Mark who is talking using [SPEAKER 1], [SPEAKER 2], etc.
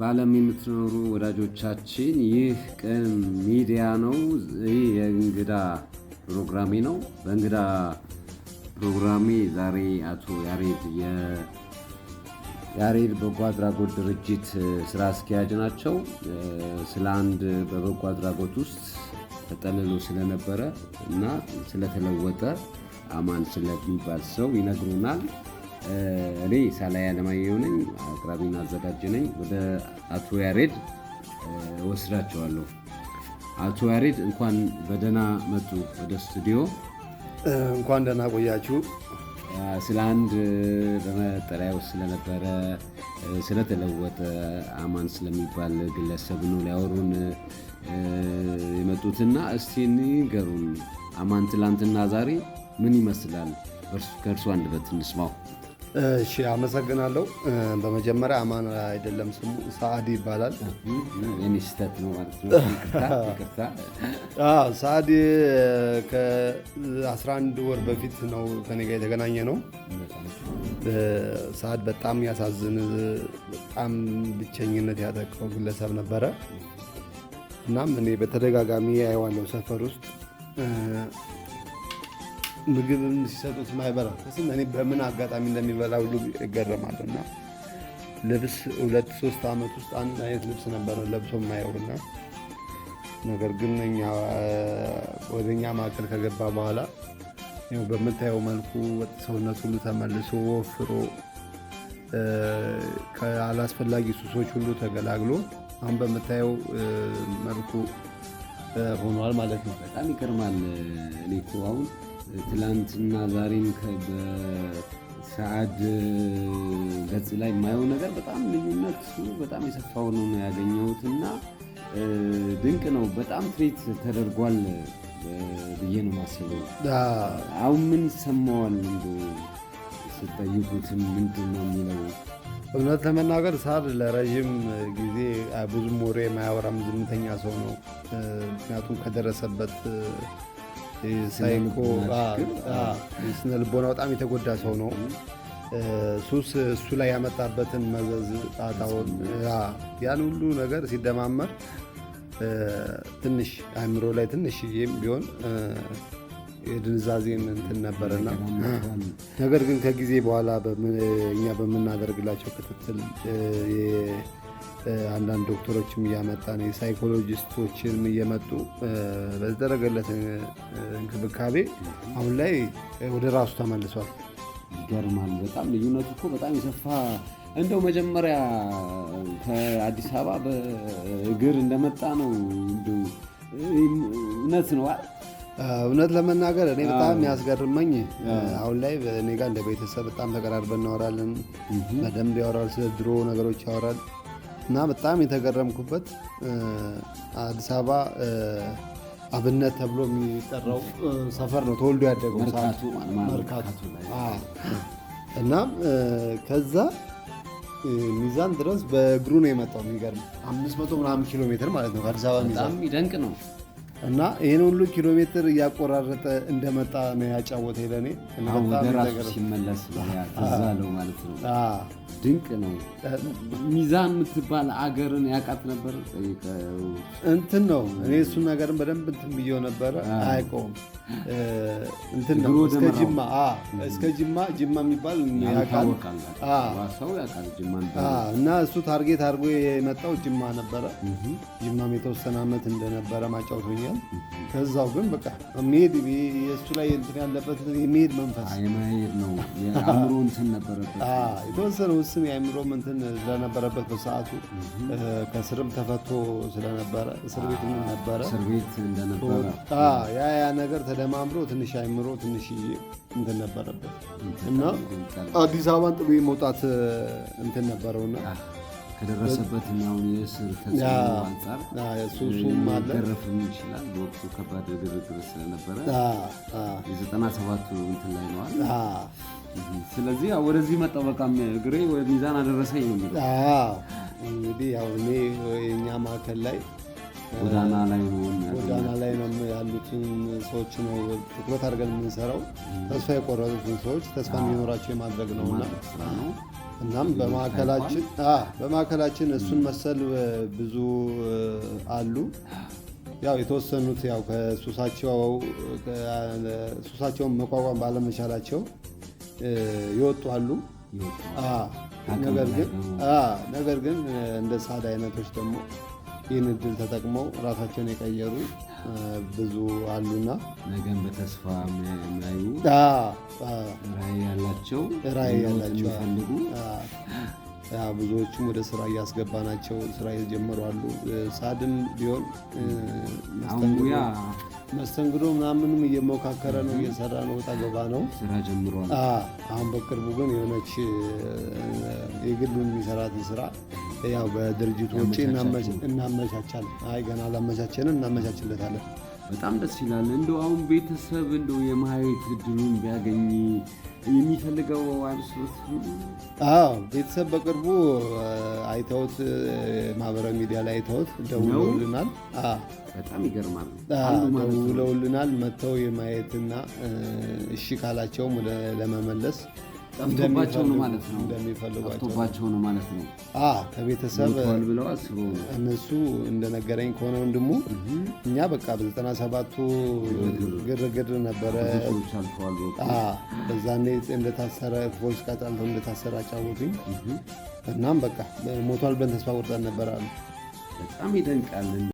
[SPEAKER 1] በዓለም የምትኖሩ ወዳጆቻችን ይህ ቅን ሚዲያ ነው። ይህ የእንግዳ ፕሮግራሜ ነው። በእንግዳ ፕሮግራሜ ዛሬ አቶ ያሬድ ያሬድ በጎ አድራጎት ድርጅት ስራ አስኪያጅ ናቸው። ስለ አንድ በበጎ አድራጎት ውስጥ ተጠልሎ ስለነበረ እና ስለተለወጠ አማን ስለሚባል ሰው ይነግሩናል። እኔ ሳላይ አለማየሁ ነኝ። አቅራቢና አዘጋጅ ነኝ። ወደ አቶ ያሬድ ወስዳቸዋለሁ። አቶ ያሬድ እንኳን በደህና መጡ ወደ ስቱዲዮ።
[SPEAKER 2] እንኳን ደህና ቆያችሁ።
[SPEAKER 1] ስለ አንድ በመጠለያ ውስጥ ስለነበረ ስለተለወጠ አማን ስለሚባል ግለሰብ ነው ሊያወሩን የመጡትና እስቲ ንገሩን አማን ትላንትና ዛሬ ምን ይመስላል? ከእርሱ አንደበት እንስማው።
[SPEAKER 2] እሺ አመሰግናለሁ። በመጀመሪያ አማን አይደለም ስሙ ሰአዲ ይባላል።
[SPEAKER 1] ሚኒስተት ነው ማለት ነው።
[SPEAKER 2] ከ11 ወር በፊት ነው ከኔ ጋር የተገናኘ ነው። ሰአድ በጣም ያሳዝን፣ በጣም ብቸኝነት ያጠቀው ግለሰብ ነበረ። እናም እኔ በተደጋጋሚ አይዋለው ሰፈር ውስጥ ምግብ ሲሰጡት ማይበላ ስም እኔ በምን አጋጣሚ እንደሚበላ ሁሉ ይገረማል። እና ልብስ ሁለት ሶስት ዓመት ውስጥ አንድ አይነት ልብስ ነበረ ለብሶ የማየውና ነገር ግን ወደኛ ማዕከል ከገባ በኋላ በምታየው መልኩ ሰውነት ሁሉ ተመልሶ ወፍሮ ከአላስፈላጊ ሱሶች ሁሉ ተገላግሎ አሁን በምታየው መልኩ ሆኗል ማለት ነው።
[SPEAKER 1] በጣም ይገርማል። እኔ እኮ አሁን ትላንትና ዛሬም በሰዓድ ገጽ ላይ የማየው ነገር በጣም ልዩነት በጣም የሰፋው ሆኖ ነው ያገኘሁት እና ድንቅ ነው። በጣም ትሬት ተደርጓል ብዬ ነው ማስበው። አሁን ምን ይሰማዋል እንዶ ስጠይቁትም ምንድን ነው የሚለው
[SPEAKER 2] እውነት ለመናገር ሳድ ለረዥም ጊዜ ብዙም ወሬ የማያወራም ዝምተኛ ሰው ነው። ምክንያቱም ከደረሰበት ስነ ልቦና በጣም የተጎዳ ሰው ነው። ሱስ እሱ ላይ ያመጣበትን መዘዝ ጣጣውን ያን ሁሉ ነገር ሲደማመር ትንሽ አእምሮ ላይ ትንሽ ቢሆን የድንዛዜን እንትን ነበረና ነገር ግን ከጊዜ በኋላ እኛ በምናደርግላቸው ክትትል አንዳንድ ዶክተሮችም ነው፣ ሳይኮሎጂስቶችንም እየመጡ በተደረገለት እንክብካቤ አሁን ላይ ወደ ራሱ ተመልሷል።
[SPEAKER 1] ይገርማል። በጣም ልዩነቱ እኮ በጣም የሰፋ እንደው መጀመሪያ ከአዲስ አበባ በእግር እንደመጣ ነው። እውነት ነው።
[SPEAKER 2] እውነት ለመናገር እኔ በጣም ያስገርመኝ አሁን ላይ እኔ ጋር እንደ ቤተሰብ በጣም ተቀራርበን እናወራለን። በደንብ ያወራል፣ ስለ ድሮ ነገሮች ያወራል። እና በጣም የተገረምኩበት አዲስ አበባ አብነት ተብሎ የሚጠራው ሰፈር ነው ተወልዶ ያደገው መርካቶ። እና ከዛ ሚዛን ድረስ በእግሩ ነው የመጣው። የሚገርም
[SPEAKER 1] አምስት መቶ ምናምን ኪሎ ሜትር ማለት ነው ከአዲስ አበባ ሚዛን ይደንቅ ነው።
[SPEAKER 2] እና ይህን ሁሉ ኪሎ ሜትር እያቆራረጠ እንደመጣ ነው ያጫወተ ለእኔ
[SPEAKER 1] ሲመለስ ማለት ነው ድንቅ ነው። ሚዛን የምትባል አገርን ያውቃት ነበር።
[SPEAKER 2] እንትን ነው እኔ እሱን ነገርን በደንብ እንትን ብየው ነበረ። አያውቀውም እንትን ነው እስከ ጅማ እስከ ጅማ ጅማ የሚባል እና እሱ ታርጌት አድርጎ የመጣው ጅማ ነበረ። ጅማም የተወሰነ ዓመት እንደነበረ ማጫውቶኛል። ከዛው ግን በቃ መሄድ የእሱ ላይ እንትን ያለበት የመሄድ መንፈስ
[SPEAKER 1] ነው። እንትን ነበረበት
[SPEAKER 2] የተወሰነ መንግስትም የአእምሮም እንትን ስለነበረበት በሰዓቱ ከስርም ተፈቶ ስለነበረ እስር
[SPEAKER 1] ቤት ነበረ
[SPEAKER 2] ያ ያ ነገር ተደማምሮ ትንሽ አእምሮ ትንሽ እንትን ነበረበት እና አዲስ አበባን ጥሎ መውጣት እንትን ነበረውና
[SPEAKER 1] ከደረሰበት አሁን የእስር ተጽዕኖ አንጻር ይችላል። በወቅቱ ከባድ ግርግር ስለነበረ የዘጠና ሰባቱ እንትን ላይ ነዋል። ስለዚህ ወደዚህ መጣሁ። በቃ እግሬ ሚዛን አደረሰኝ ነው የሚለው
[SPEAKER 2] እንግዲህ ያው እኔ የእኛ ማዕከል ላይ
[SPEAKER 1] ጎዳና ላይ
[SPEAKER 2] ጎዳና ላይ ነው ያሉትን ሰዎች ነው ትኩረት አድርገን የምንሰራው። ተስፋ የቆረጡትን ሰዎች ተስፋ እንዲኖራቸው የማድረግ ነውና እናም በማዕከላችን በማዕከላችን እሱን መሰል ብዙ አሉ። ያው የተወሰኑት ያው ከሱሳቸውን መቋቋም ባለመቻላቸው ይወጡ አሉ። ነገር ግን እንደ ሳድ አይነቶች ደግሞ ይህን እድል ተጠቅመው ራሳቸውን የቀየሩ ብዙ አሉና
[SPEAKER 1] ነገን በተስፋ የሚያዩ ራዕይ ያላቸው
[SPEAKER 2] ራዕይ ያላቸው ፈልጉ ብዙዎቹም ወደ ስራ እያስገባ ናቸው። ስራ እየጀመሩ አሉ። ሳድም ቢሆን መስተንግዶ ምናምንም እየሞካከረ ነው፣ እየሰራ ነው፣ ወጣ ገባ ነው፣ አሁን በቅርቡ ግን የሆነች የግሉ የሚሰራትን ስራ ያው በድርጅቱ ውጭ እናመቻቻለን። አይ ገና አላመቻቸንም፣ እናመቻችለታለን።
[SPEAKER 1] በጣም ደስ ይላል። እንደ አሁን ቤተሰብ እንደ የማየት እድሉን ቢያገኝ የሚፈልገው አይመስሎት?
[SPEAKER 2] አዎ ቤተሰብ በቅርቡ አይተውት ማህበራዊ ሚዲያ ላይ አይተውት ደውለውልናል።
[SPEAKER 1] በጣም ይገርማል።
[SPEAKER 2] ደውለውልናል መጥተው የማየትና እሺ ካላቸውም ለመመለስ
[SPEAKER 1] ጠፍቶባቸው ነው ማለት ነው። ጠፍቶባቸው ነው ማለት ነው። ከቤተሰብ ብለው አስበው
[SPEAKER 2] እነሱ እንደነገረኝ ከሆነ ወንድሙ እኛ በቃ በዘጠና ሰባቱ ግርግር ነበረ። በዛኔ እንደታሰረ ፖሊስ ቃጫልተው እንደታሰረ አጫወቱኝ። እናም በቃ ሞቷል ብለን ተስፋ ቆርጠን ነበር አሉ።
[SPEAKER 1] በጣም ይደንቃል።